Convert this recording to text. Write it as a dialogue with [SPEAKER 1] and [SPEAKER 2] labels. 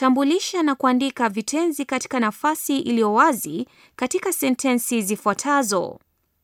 [SPEAKER 1] Tambulisha na kuandika vitenzi katika nafasi iliyo wazi katika sentensi zifuatazo.